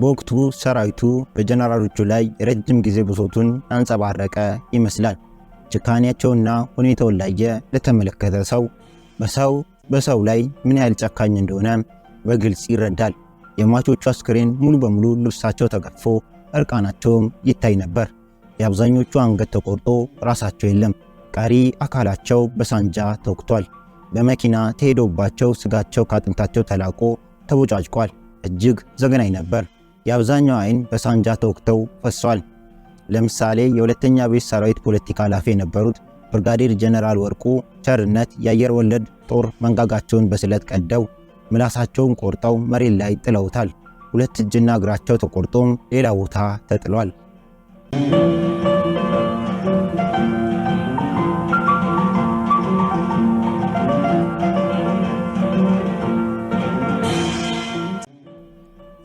በወቅቱ ሰራዊቱ በጀነራሎቹ ላይ ረጅም ጊዜ ብሶቱን ያንጸባረቀ ይመስላል። ጭካኔያቸውና ሁኔታውን ላየ ለተመለከተ ሰው በሰው በሰው ላይ ምን ያህል ጨካኝ እንደሆነ በግልጽ ይረዳል። የሟቾቹ አስክሬን ሙሉ በሙሉ ልብሳቸው ተገፎ እርቃናቸውም ይታይ ነበር። የአብዛኞቹ አንገት ተቆርጦ ራሳቸው የለም፣ ቀሪ አካላቸው በሳንጃ ተወግቷል። በመኪና ተሄዶባቸው ስጋቸው ከአጥንታቸው ተላቆ ተቦጫጭቋል። እጅግ ዘግናኝ ነበር። የአብዛኛው አይን በሳንጃ ተወቅተው ፈሷል። ለምሳሌ የሁለተኛ ቤት ሰራዊት ፖለቲካ ኃላፊ የነበሩት ብርጋዴር ጀነራል ወርቁ ቸርነት የአየር ወለድ ጦር መንጋጋቸውን በስለት ቀደው ምላሳቸውን ቆርጠው መሬት ላይ ጥለውታል። ሁለት እጅና እግራቸው ተቆርጦም ሌላ ቦታ ተጥሏል።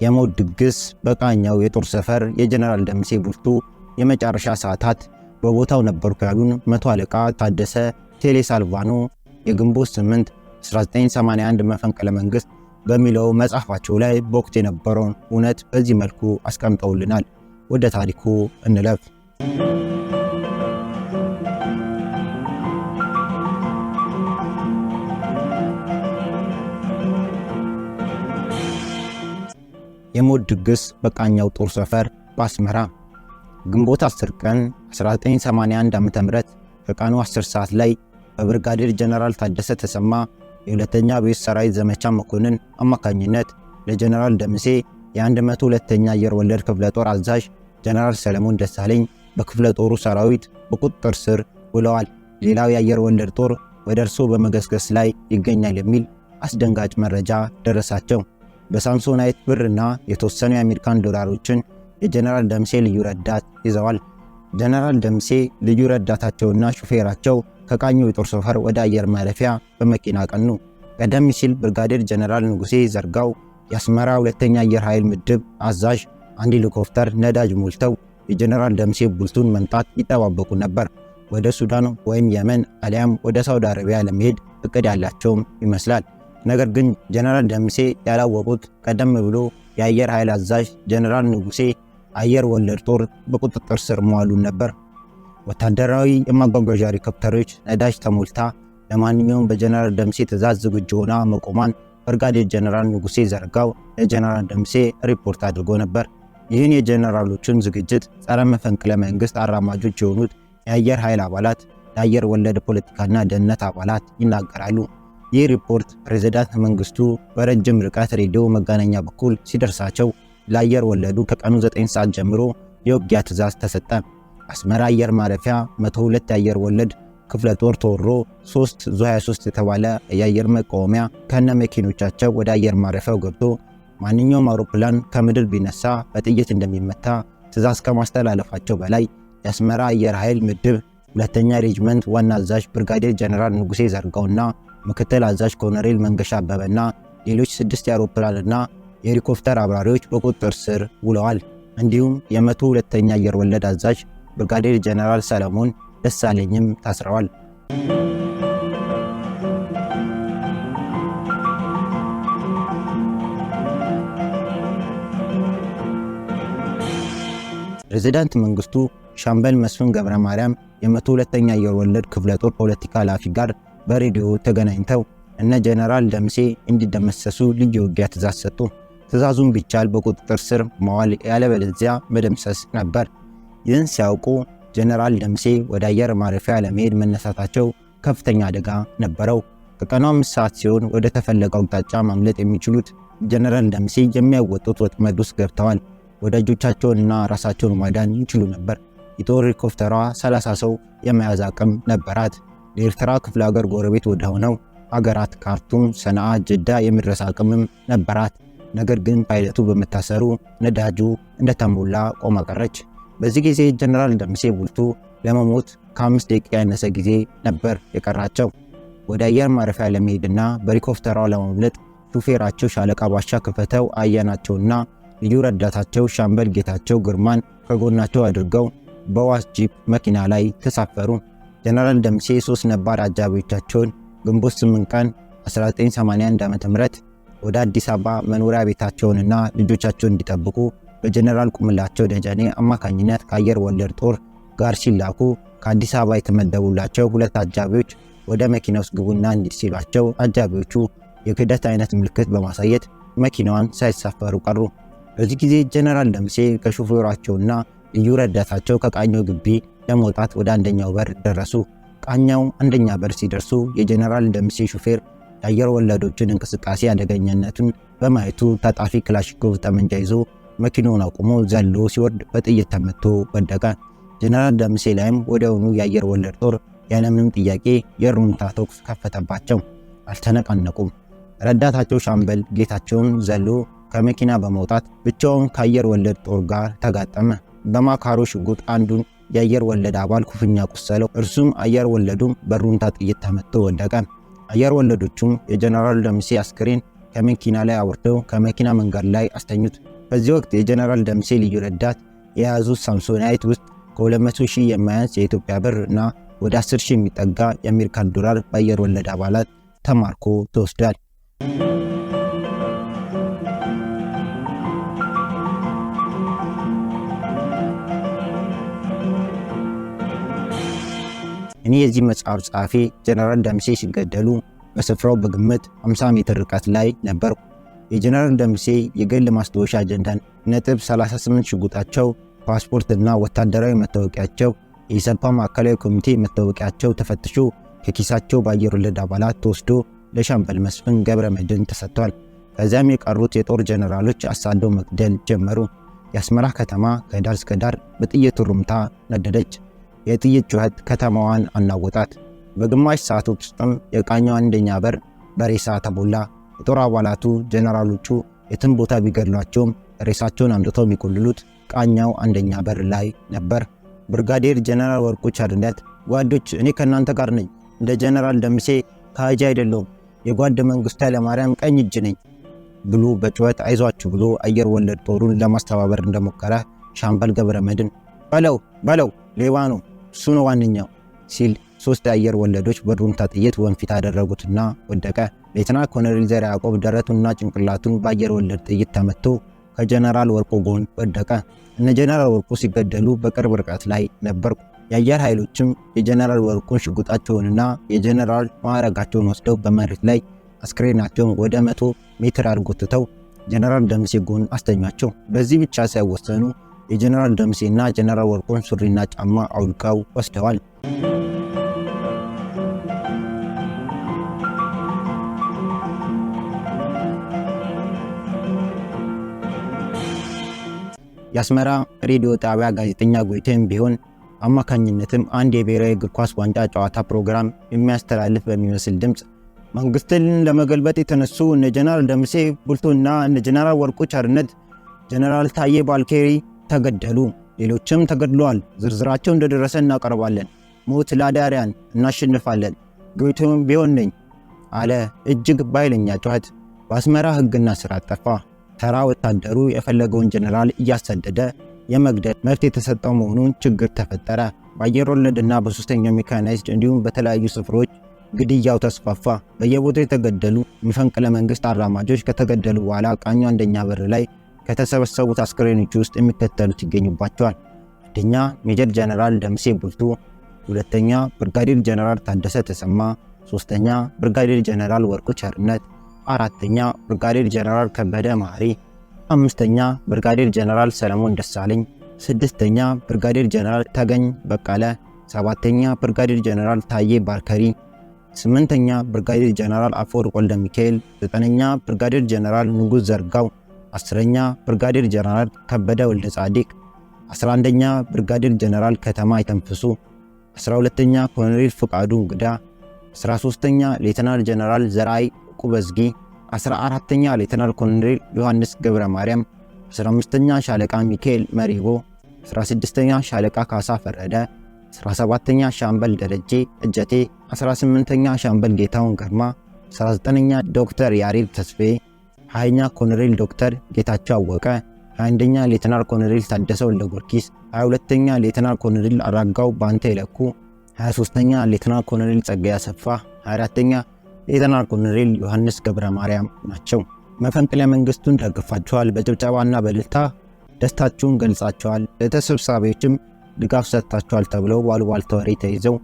የሞት ድግስ በቃኛው የጦር ሰፈር የጀነራል ደምሴ ቡልቶ የመጨረሻ ሰዓታት በቦታው ነበርኩ ያሉን መቶ አለቃ ታደሰ ቴሌ ሳልቫኖ የግንቦት 8 1981 መፈንቅለ መንግስት በሚለው መጽሐፋቸው ላይ በወቅት የነበረውን እውነት በዚህ መልኩ አስቀምጠውልናል። ወደ ታሪኩ እንለፍ። የሞት ድግስ በቃኛው ጦር ሰፈር በአስመራ ግንቦት 10 ቀን 1981 ዓ ም ከቀኑ 10 ሰዓት ላይ በብርጋዴር ጀነራል ታደሰ ተሰማ የሁለተኛ ቤት ሰራዊት ዘመቻ መኮንን አማካኝነት ለጀነራል ደምሴ የ102ኛ አየር ወለድ ክፍለ ጦር አዛዥ ጀነራል ሰለሞን ደሳለኝ በክፍለ ጦሩ ሰራዊት በቁጥጥር ስር ውለዋል። ሌላው የአየር ወለድ ጦር ወደ እርሶ በመገስገስ ላይ ይገኛል የሚል አስደንጋጭ መረጃ ደረሳቸው። በሳምሶናይት ብር እና የተወሰኑ የአሜሪካን ዶላሮችን የጀነራል ደምሴ ልዩ ረዳት ይዘዋል። ጀነራል ደምሴ ልዩ ረዳታቸውና ሹፌራቸው ከቃኙ የጦር ሰፈር ወደ አየር ማረፊያ በመኪና ቀኑ። ቀደም ሲል ብርጋዴር ጀነራል ንጉሴ ዘርጋው የአስመራ ሁለተኛ አየር ኃይል ምድብ አዛዥ አንድ ሄሊኮፕተር ነዳጅ ሞልተው የጀነራል ደምሴ ቡልቱን መምጣት ይጠባበቁ ነበር። ወደ ሱዳን ወይም የመን አሊያም ወደ ሳውዲ አረቢያ ለመሄድ እቅድ ያላቸውም ይመስላል። ነገር ግን ጀነራል ደምሴ ያላወቁት ቀደም ብሎ የአየር ኃይል አዛዥ ጀነራል ንጉሴ አየር ወለድ ጦር በቁጥጥር ስር መዋሉን ነበር። ወታደራዊ የማጓጓዣ ሄሊኮፕተሮች ነዳጅ ተሞልታ ለማንኛውም በጀነራል ደምሴ ትዕዛዝ ዝግጁ ሆና መቆሟን ብርጋዴር ጀነራል ንጉሴ ዘርጋው ለጀነራል ደምሴ ሪፖርት አድርጎ ነበር። ይህን የጀነራሎቹን ዝግጅት ጸረ መፈንቅለ መንግስት አራማጆች የሆኑት የአየር ኃይል አባላት ለአየር ወለድ ፖለቲካና ደህንነት አባላት ይናገራሉ። ይህ ሪፖርት ፕሬዝዳንት መንግስቱ በረጅም ርቀት ሬዲዮ መገናኛ በኩል ሲደርሳቸው ለአየር ወለዱ ከቀኑ 9 ሰዓት ጀምሮ የውጊያ ትእዛዝ ተሰጠ። አስመራ አየር ማረፊያ 102 የአየር ወለድ ክፍለ ጦር ተወሮ 3 ዙ 23 የተባለ የአየር መቃወሚያ ከነ መኪኖቻቸው ወደ አየር ማረፊያው ገብቶ ማንኛውም አውሮፕላን ከምድር ቢነሳ በጥይት እንደሚመታ ትእዛዝ ከማስተላለፋቸው በላይ የአስመራ አየር ኃይል ምድብ ሁለተኛ ሬጅመንት ዋና አዛዥ ብርጋዴር ጀነራል ንጉሴ ዘርጋውና ምክትል አዛዥ ኮሎኔል መንገሻ አበበና ሌሎች ስድስት የአውሮፕላንና የሄሊኮፕተር አብራሪዎች በቁጥጥር ስር ውለዋል። እንዲሁም የመቶ ሁለተኛ አየር ወለድ አዛዥ ብርጋዴር ጀነራል ሰለሞን ደሳለኝም ታስረዋል። ፕሬዚዳንት መንግስቱ ሻምበል መስፍን ገብረ ማርያም የመቶ ሁለተኛ አየር ወለድ ክፍለ ጦር ፖለቲካ ኃላፊ ጋር በሬዲዮ ተገናኝተው እነ ጀነራል ደምሴ እንዲደመሰሱ ልዩ ውጊያ ትእዛዝ ሰጡ። ትእዛዙን ቢቻል በቁጥጥር ስር መዋል ያለበለዚያ መደምሰስ ነበር። ይህን ሲያውቁ ጀነራል ደምሴ ወደ አየር ማረፊያ ለመሄድ መነሳታቸው ከፍተኛ አደጋ ነበረው። ከቀኑ አምስት ሰዓት ሲሆን ወደ ተፈለገው አቅጣጫ ማምለጥ የሚችሉት ጀነራል ደምሴ የሚያወጡት ወጥመድ ውስጥ ገብተዋል። ወዳጆቻቸውንና ራሳቸውን ማዳን ይችሉ ነበር። የጦር ሄሊኮፕተሯ 30 ሰው የመያዝ አቅም ነበራት። የኤርትራ ክፍለ ሀገር ጎረቤት ወደ ሆነው ሀገራት ካርቱም፣ ሰነአ፣ ጅዳ የመድረስ አቅምም ነበራት። ነገር ግን ፓይለቱ በመታሰሩ ነዳጁ እንደተሞላ ቆማ ቀረች። በዚህ ጊዜ ጀነራል ደምሴ ቡልቶ ለመሞት ከአምስት ደቂቃ ያነሰ ጊዜ ነበር የቀራቸው። ወደ አየር ማረፊያ ለመሄድና በሄሊኮፕተሯ ለማምለጥ ሹፌራቸው ሻለቃ ባሻ ክፈተው አያናቸውና ልዩ ረዳታቸው ሻምበል ጌታቸው ግርማን ከጎናቸው አድርገው በዋስ ጂፕ መኪና ላይ ተሳፈሩ። ጀነራል ደምሴ ሶስት ነባር አጃቢዎቻቸውን ግንቦት 8 ቀን 1981 ዓ.ም ወደ አዲስ አበባ መኖሪያ ቤታቸውንና ልጆቻቸውን እንዲጠብቁ በጀነራል ቁምላቸው ደጀኔ አማካኝነት ከአየር ወለድ ጦር ጋር ሲላኩ ከአዲስ አበባ የተመደቡላቸው ሁለት አጃቢዎች ወደ መኪና ውስጥ ግቡና እንሂድ ሲሏቸው አጃቢዎቹ የክህደት አይነት ምልክት በማሳየት መኪናዋን ሳይሳፈሩ ቀሩ። በዚህ ጊዜ ጀነራል ደምሴ ከሹፌሯቸውና ልዩ ረዳታቸው ከቃኘው ግቢ ለመውጣት ወደ አንደኛው በር ደረሱ። ቃኛው አንደኛ በር ሲደርሱ የጀነራል ደምሴ ሹፌር የአየር ወለዶችን እንቅስቃሴ አደገኝነቱን በማየቱ ታጣፊ ክላሽንኮቭ ጠመንጃ ይዞ መኪናውን አቁሞ ዘሎ ሲወርድ በጥይት ተመቶ ወደቀ። ጀነራል ደምሴ ላይም ወዲያውኑ የአየር ወለድ ጦር ያለምንም ጥያቄ የሩምታ ተኩስ ከፈተባቸው። አልተነቃነቁም። ረዳታቸው ሻምበል ጌታቸውን ዘሎ ከመኪና በመውጣት ብቻውን ከአየር ወለድ ጦር ጋር ተጋጠመ። በማካሮ ሽጉጥ አንዱን የአየር ወለድ አባል ኩፍኛ ቆሰለው። እርሱም አየር ወለዱም በሩንታ ጥይት ተመቶ ወደቀ። አየር ወለዶቹም የጀነራል ደምሴ አስክሬን ከመኪና ላይ አውርደው ከመኪና መንገድ ላይ አስተኙት። በዚህ ወቅት የጀነራል ደምሴ ልዩ ረዳት የያዙት ሳምሶናይት ውስጥ ከ200 ሺህ የማያንስ የኢትዮጵያ ብር እና ወደ 10 ሺህ የሚጠጋ የአሜሪካን ዶላር በአየር ወለድ አባላት ተማርኮ ተወስዷል። እኔ የዚህ መጽሐፍ ጸሐፊ ጀነራል ደምሴ ሲገደሉ በስፍራው በግምት 50 ሜትር ርቀት ላይ ነበርኩ። የጀነራል ደምሴ የግል ማስታወሻ አጀንዳን ነጥብ 38 ሽጉጣቸው፣ ፓስፖርትና ወታደራዊ መታወቂያቸው፣ የኢሰፓ ማዕከላዊ ኮሚቴ መታወቂያቸው ተፈትሾ ከኪሳቸው በአየር ወለድ አባላት ተወስዶ ለሻምበል መስፍን ገብረ መድን ተሰጥቷል። ከዚያም የቀሩት የጦር ጀነራሎች አሳደው መግደል ጀመሩ። የአስመራ ከተማ ከዳር እስከ ዳር በጥይት ሩምታ ነደደች። የጥይት ጩኸት ከተማዋን አናወጣት። በግማሽ ሰዓቶች ውስጥም የቃኘው አንደኛ በር በሬሳ ተሞላ። የጦር አባላቱ ጀነራሎቹ የትም ቦታ ቢገድሏቸውም ሬሳቸውን አምጥተው የሚቆልሉት ቃኛው አንደኛ በር ላይ ነበር። ብርጋዴር ጀነራል ወርቁ ቻድነት፣ ጓዶች፣ እኔ ከእናንተ ጋር ነኝ። እንደ ጀነራል ደምሴ ካጅ አይደለውም። የጓድ መንግስቱ ኃይለማርያም ቀኝ እጅ ነኝ ብሎ በጩኸት አይዟችሁ ብሎ አየር ወለድ ጦሩን ለማስተባበር እንደሞከረ ሻምበል ገብረ መድን በለው በለው ሌባ ነው እሱ ነው ዋነኛው ሲል ሶስት የአየር ወለዶች በሩምታ ጥይት ወንፊት አደረጉትና ወደቀ። ሌተና ኮሎኔል ዘር ያዕቆብ ደረቱና ጭንቅላቱን በአየር ወለድ ጥይት ተመቶ ከጀነራል ወርቁ ጎን ወደቀ። እነ ጀነራል ወርቁ ሲገደሉ በቅርብ ርቀት ላይ ነበርኩ። የአየር ኃይሎችም የጀነራል ወርቁን ሽጉጣቸውንና የጀነራል ማዕረጋቸውን ወስደው በመሬት ላይ አስክሬናቸውን ወደ መቶ ሜትር አድጎትተው ጀነራል ደምሴ ጎን አስተኟቸው። በዚህ ብቻ ሳይወሰኑ የጀነራል ደምሴና ጀነራል ወርቆን ሱሪና ጫማ አውልቀው ወስደዋል። የአስመራ ሬዲዮ ጣቢያ ጋዜጠኛ ጎይቴም ቢሆን አማካኝነትም አንድ የብሔራዊ እግር ኳስ ዋንጫ ጨዋታ ፕሮግራም የሚያስተላልፍ በሚመስል ድምፅ መንግስትን ለመገልበጥ የተነሱ እነ ጀነራል ደምሴ ቡልቶና እነ ጀነራል ወርቁ ቸርነት፣ ጀነራል ታዬ ባልኬሪ ተገደሉ፣ ሌሎችም ተገድለዋል። ዝርዝራቸው እንደደረሰ እናቀርባለን። ሞት ለአዳሪያን እናሸንፋለን። ጌቶም ቢሆን ነኝ አለ። እጅግ ባይለኛ ጩኸት በአስመራ ሕግና ስርዓት ጠፋ። ተራ ወታደሩ የፈለገውን ጀኔራል እያሰደደ የመግደል መብት የተሰጠው መሆኑን ችግር ተፈጠረ። በአየር ወለድና በሶስተኛው ሜካናይዝድ እንዲሁም በተለያዩ ስፍሮች ግድያው ተስፋፋ። በየቦታው የተገደሉ መፈንቅለ መንግስት አራማጆች ከተገደሉ በኋላ ቃኙ አንደኛ በር ላይ ከተሰበሰቡት አስክሬኖች ውስጥ የሚከተሉት ይገኙባቸዋል። አንደኛ ሜጀር ጀነራል ደምሴ ቡልቱ፣ ሁለተኛ ብርጋዴር ጀነራል ታደሰ ተሰማ፣ ሶስተኛ ብርጋዴር ጀነራል ወርቁ ቸርነት፣ አራተኛ ብርጋዴር ጀነራል ከበደ ማሪ፣ አምስተኛ ብርጋዴር ጀነራል ሰለሞን ደሳለኝ፣ ስድስተኛ ብርጋዴር ጀነራል ተገኝ በቀለ፣ ሰባተኛ ብርጋዴር ጀነራል ታዬ ባርከሪ፣ ስምንተኛ ብርጋዴር ጀነራል አፈወርቅ ወልደ ሚካኤል፣ ዘጠነኛ ብርጋዴር ጀነራል ንጉስ ዘርጋው አስረኛ ብርጋዴር ጀነራል ከበደ ወልደ ጻዲቅ፣ አንደኛ ብርጋዴር ጀነራል ከተማ ይተንፍሱ፣ 12 12ኛ ኮሎኔል ፍቃዱ እንግዳ፣ 13ኛ ሌተናል ጀነራል ዘራይ ቁበዝጊ፣ 14ኛ ሌተናል ኮሎኔል ዮሐንስ ገብረ ማርያም፣ 15ኛ ሻለቃ ሚካኤል መሪቦ፣ 16ኛ ሻለቃ ካሳ ፈረደ፣ 17ኛ ሻምበል ደረጄ እጀቴ፣ 18ኛ ሻምበል ጌታውን ገርማ፣ 19 19ኛ ዶክተር ያሬድ ተስፌ ሀያኛ ኮሎኔል ዶክተር ጌታቸው አወቀ፣ 21ኛ ሌተናል ኮሎኔል ታደሰ ወልደ ጊዮርጊስ፣ 22ኛ ሌተናል ኮሎኔል አራጋው ባንተ ይለኩ፣ 23ኛ ሌተናል ኮሎኔል ጸጋዬ አሰፋ፣ 24ኛ ሌተናል ኮሎኔል ዮሐንስ ገብረ ማርያም ናቸው። መፈንቅለ መንግስቱን ደግፋችኋል፣ በጭብጨባና በልልታ ደስታችሁን ገልጻቸዋል ለተሰብሳቢዎችም ድጋፍ ሰጥታችኋል ተብለው ባሉባልታ ወሬ ተይዘው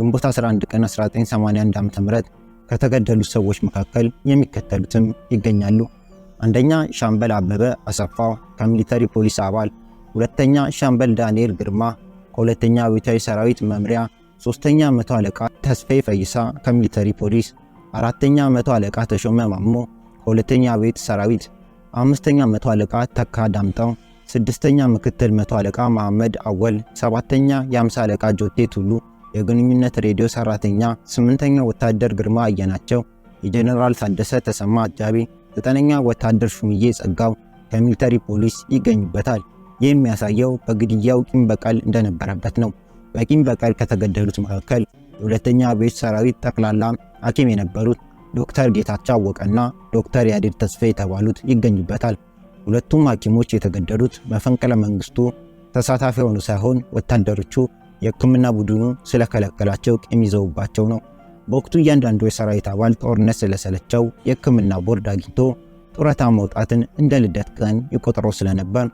ግንቦት 11 ቀን 1981 ዓ.ም ከተገደሉት ሰዎች መካከል የሚከተሉትም ይገኛሉ። አንደኛ ሻምበል አበበ አሰፋ ከሚሊተሪ ፖሊስ አባል፣ ሁለተኛ ሻምበል ዳንኤል ግርማ ከሁለተኛ አብዮታዊ ሰራዊት መምሪያ፣ ሶስተኛ መቶ አለቃ ተስፌ ፈይሳ ከሚሊተሪ ፖሊስ፣ አራተኛ መቶ አለቃ ተሾመ ማሞ ከሁለተኛ አብዮት ሰራዊት፣ አምስተኛ መቶ አለቃ ተካ ዳምጠው፣ ስድስተኛ ምክትል መቶ አለቃ መሐመድ አወል፣ ሰባተኛ የአምሳ አለቃ ጆቴ ቱሉ የግንኙነት ሬዲዮ ሰራተኛ፣ ስምንተኛ ወታደር ግርማ አየናቸው፣ የጀኔራል ታደሰ ተሰማ አጃቢ፣ ዘጠነኛ ወታደር ሹምዬ ጸጋው ከሚሊተሪ ፖሊስ ይገኙበታል። ይህ የሚያሳየው በግድያው ቂም በቀል እንደነበረበት ነው። በቂም በቀል ከተገደሉት መካከል የሁለተኛ ቤት ሰራዊት ጠቅላላ ሐኪም የነበሩት ዶክተር ጌታቸው አወቀና ዶክተር ያሬድ ተስፋ የተባሉት ይገኙበታል። ሁለቱም ሐኪሞች የተገደሉት መፈንቅለ መንግስቱ ተሳታፊ የሆኑ ሳይሆን ወታደሮቹ የህክምና ቡድኑ ስለከለከላቸው ቂም ይዘውባቸው ነው። በወቅቱ እያንዳንዱ የሰራዊት አባል ጦርነት ስለሰለቸው የህክምና ቦርድ አግኝቶ ጡረታ መውጣትን እንደ ልደት ቀን ይቆጥረው ስለነበር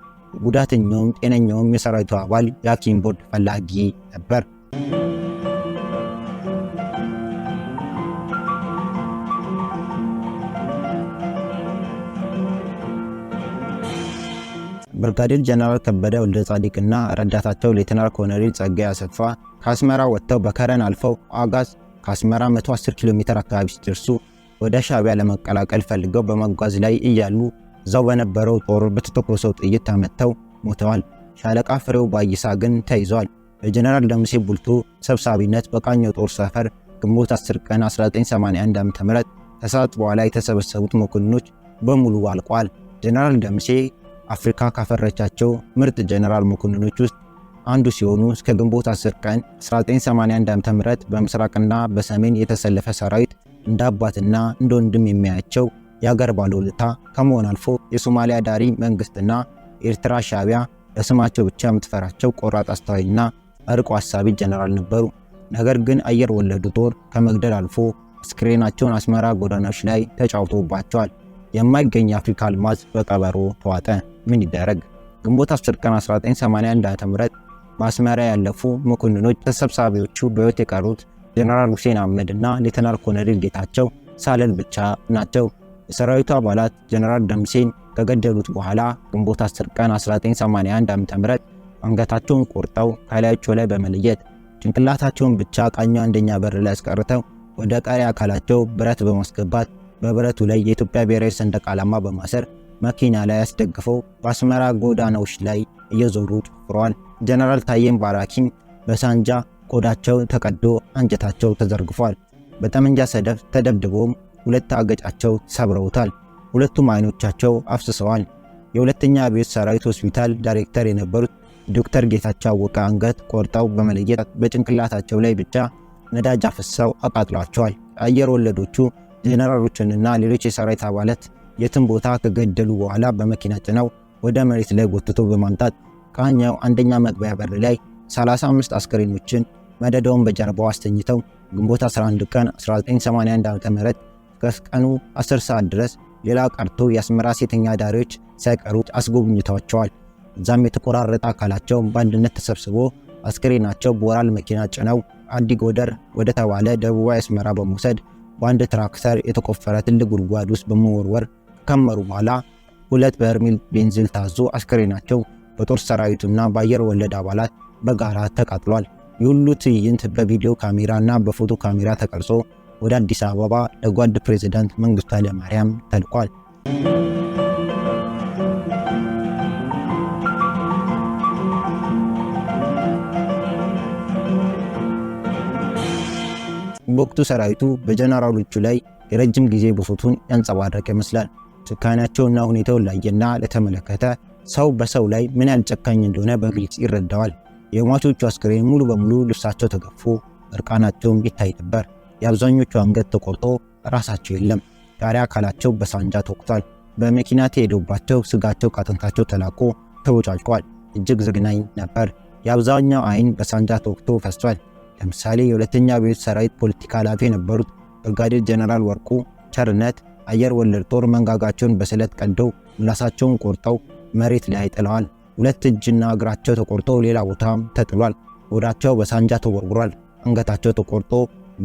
ጉዳተኛውም ጤነኛውም የሰራዊቱ አባል የሐኪም ቦርድ ፈላጊ ነበር። ብርጋዴር ጀነራል ከበደ ወልደ ጻዲቅና ረዳታቸው ሌተናል ኮሎኔል ጸጋዬ አሰፋ ከአስመራ ወጥተው በከረን አልፈው አጋዝ ከአስመራ 110 ኪሎ ሜትር አካባቢ ሲደርሱ ወደ ሻቢያ ለመቀላቀል ፈልገው በመጓዝ ላይ እያሉ እዛው በነበረው ጦር በተተኮሰው ጥይት ተመተው ሞተዋል። ሻለቃ ፍሬው ባይሳ ግን ተይዟል። በጀነራል ደምሴ ቡልቶ ሰብሳቢነት በቃኘው ጦር ሰፈር ግንቦት 10 ቀን 1981 ዓ.ም ከሰዓት በኋላ የተሰበሰቡት መኮንኖች በሙሉ አልቋል። ጀነራል ደምሴ አፍሪካ ካፈረቻቸው ምርጥ ጀነራል መኮንኖች ውስጥ አንዱ ሲሆኑ እስከ ግንቦት 10 ቀን 1981 ዓ.ም በምስራቅና በሰሜን የተሰለፈ ሰራዊት እንደ አባትና እንደ ወንድም የሚያያቸው የአገር ባለውለታ ከመሆን አልፎ የሶማሊያ ዳሪ መንግስትና ኤርትራ ሻቢያ በስማቸው ብቻ የምትፈራቸው ቆራጥ አስተዋይና እርቆ ሀሳቢ ጀነራል ነበሩ። ነገር ግን አየር ወለዱ ጦር ከመግደል አልፎ አስክሬናቸውን አስመራ ጎዳናዎች ላይ ተጫውቶባቸዋል። የማይገኝ የአፍሪካ አልማዝ በቀበሮ ተዋጠ። ምን ይደረግ? ግንቦት 10 ቀን 1981 ዓ.ም ማስመሪያ ያለፉ መኮንኖች ተሰብሳቢዎቹ በሕይወት የቀሩት ጀነራል ሁሴን አህመድ እና ሌተናል ኮሎኔል ጌታቸው ሳለል ብቻ ናቸው። የሰራዊቱ አባላት ጀነራል ደምሴን ከገደሉት በኋላ ግንቦት 10 ቀን 1981 ዓ.ም አንገታቸውን ቆርጠው ከላያቸው ላይ በመለየት ጭንቅላታቸውን ብቻ ቃኛ አንደኛ በር ላይ አስቀርተው ወደ ቀሪ አካላቸው ብረት በማስገባት በብረቱ ላይ የኢትዮጵያ ብሔራዊ ሰንደቅ ዓላማ በማሰር መኪና ላይ አስደግፈው በአስመራ ጎዳናዎች ላይ እየዞሩ ጨፍረዋል። ጀነራል ታዬም ባራኪም በሳንጃ ቆዳቸው ተቀዶ አንጀታቸው ተዘርግፏል። በጠመንጃ ሰደፍ ተደብድበውም ሁለት አገጫቸው ሰብረውታል። ሁለቱም አይኖቻቸው አፍስሰዋል። የሁለተኛ አብዮት ሰራዊት ሆስፒታል ዳይሬክተር የነበሩት ዶክተር ጌታቸው አወቀ አንገት ቆርጠው በመለየት በጭንቅላታቸው ላይ ብቻ ነዳጅ አፍሰው አቃጥሏቸዋል። አየር ወለዶቹ ጀነራሎችንና ሌሎች የሰራዊት አባላት የትም ቦታ ከገደሉ በኋላ በመኪና ጭነው ወደ መሬት ላይ ጎትቶ በማምጣት ከኛው አንደኛ መግቢያ በር ላይ 35 አስከሬኖችን መደዳውን በጀርባው አስተኝተው ግንቦት 11 ቀን 1981 ም ከቀኑ 10 ሰዓት ድረስ ሌላ ቀርቶ የአስመራ ሴተኛ አዳሪዎች ሳይቀሩ አስጎብኝተዋቸዋል። እዛም የተቆራረጠ አካላቸው በአንድነት ተሰብስቦ አስክሬናቸው በወራል መኪና ጭነው አዲ ጎደር ወደ ተባለ ደቡባዊ አስመራ በመውሰድ በአንድ ትራክተር የተቆፈረ ትልቅ ጉድጓድ ውስጥ በመወርወር ከከመሩ በኋላ ሁለት በርሜል ቤንዚል ታዞ አስከሬናቸው በጦር ሰራዊቱና በአየር ወለድ አባላት በጋራ ተቃጥሏል። የሁሉ ትዕይንት በቪዲዮ ካሜራ እና በፎቶ ካሜራ ተቀርጾ ወደ አዲስ አበባ ለጓድ ፕሬዚዳንት መንግስቱ ኃይለማርያም ተልኳል። በወቅቱ ሰራዊቱ በጀነራሎቹ ላይ የረጅም ጊዜ ብሶቱን ያንጸባረቀ ይመስላል። ጭካኔያቸውና ሁኔታውን ላየና ለተመለከተ ሰው በሰው ላይ ምን ያህል ጨካኝ እንደሆነ በግልጽ ይረዳዋል። የሟቾቹ አስክሬን ሙሉ በሙሉ ልብሳቸው ተገፎ እርቃናቸውም ይታይ ነበር። የአብዛኞቹ አንገት ተቆርጦ ራሳቸው የለም። ታሪያ አካላቸው በሳንጃ ተወቅቷል። በመኪና ተሄዶባቸው ስጋቸው ከአጥንታቸው ተላቆ ተቦጫጭቋል። እጅግ ዘግናኝ ነበር። የአብዛኛው ዓይን በሳንጃ ተወቅቶ ፈሷል። ለምሳሌ የሁለተኛ ቤት ሰራዊት ፖለቲካ ኃላፊ የነበሩት ብርጋዴር ጀነራል ወርቁ ቸርነት አየር ወለድ ጦር መንጋጋቸውን በስለት ቀደው ምላሳቸውን ቆርጠው መሬት ላይ ጥለዋል። ሁለት እጅና እግራቸው ተቆርጦ ሌላ ቦታም ተጥሏል። ወዳቸው በሳንጃ ተወርውሯል። አንገታቸው ተቆርጦ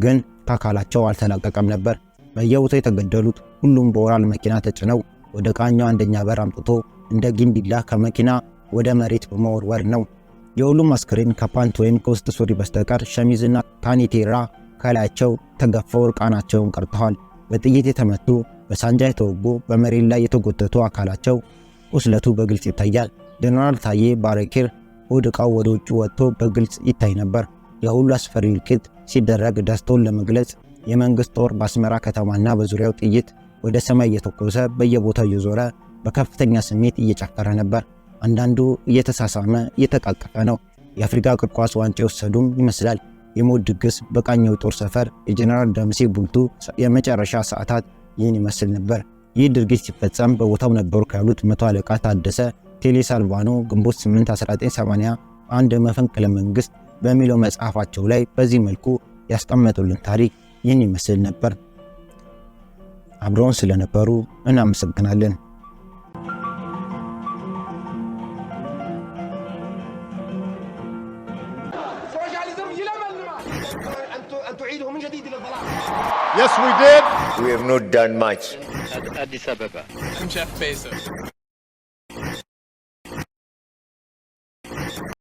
ግን ከአካላቸው አልተላቀቀም ነበር። በየቦታው የተገደሉት ሁሉም በወራል መኪና ተጭነው ወደ ቃኛው አንደኛ በር አምጥቶ እንደ ጊምቢላ ከመኪና ወደ መሬት በመወርወር ነው። የሁሉም አስክሬን ከፓንት ወይም ከውስጥ ሱሪ በስተቀር ሸሚዝና ካኒቴራ ከላያቸው ተገፈው እርቃናቸውን ቀርተዋል። በጥይት የተመቱ በሳንጃ የተወጉ በመሬት ላይ የተጎተቱ አካላቸው ቁስለቱ በግልጽ ይታያል። ጀነራል ታዬ ባረኪር ሆድ ዕቃው ወደ ውጭ ወጥቶ በግልጽ ይታይ ነበር። የሁሉ አስፈሪ እልቂት ሲደረግ ደስታውን ለመግለጽ የመንግሥት ጦር በአስመራ ከተማና በዙሪያው ጥይት ወደ ሰማይ እየተኮሰ በየቦታው እየዞረ በከፍተኛ ስሜት እየጨፈረ ነበር። አንዳንዱ እየተሳሳመ እየተቃቀፈ ነው። የአፍሪካ እግር ኳስ ዋንጫ የወሰዱም ይመስላል። የሞት ድግስ በቃኘው ጦር ሰፈር የጀነራል ደምሴ ቡልቶ የመጨረሻ ሰዓታት ይህን ይመስል ነበር። ይህ ድርጊት ሲፈጸም በቦታው ነበሩ ካሉት መቶ አለቃ ታደሰ ቴሌ ሳልቫኖ ግንቦት 8 1980 አንድ መፈንቅለ መንግስት በሚለው መጽሐፋቸው ላይ በዚህ መልኩ ያስቀመጡልን ታሪክ ይህን ይመስል ነበር። አብረውን ስለነበሩ እናመሰግናለን። not done much. At Addis Ababa. I'm Jeff Bezos.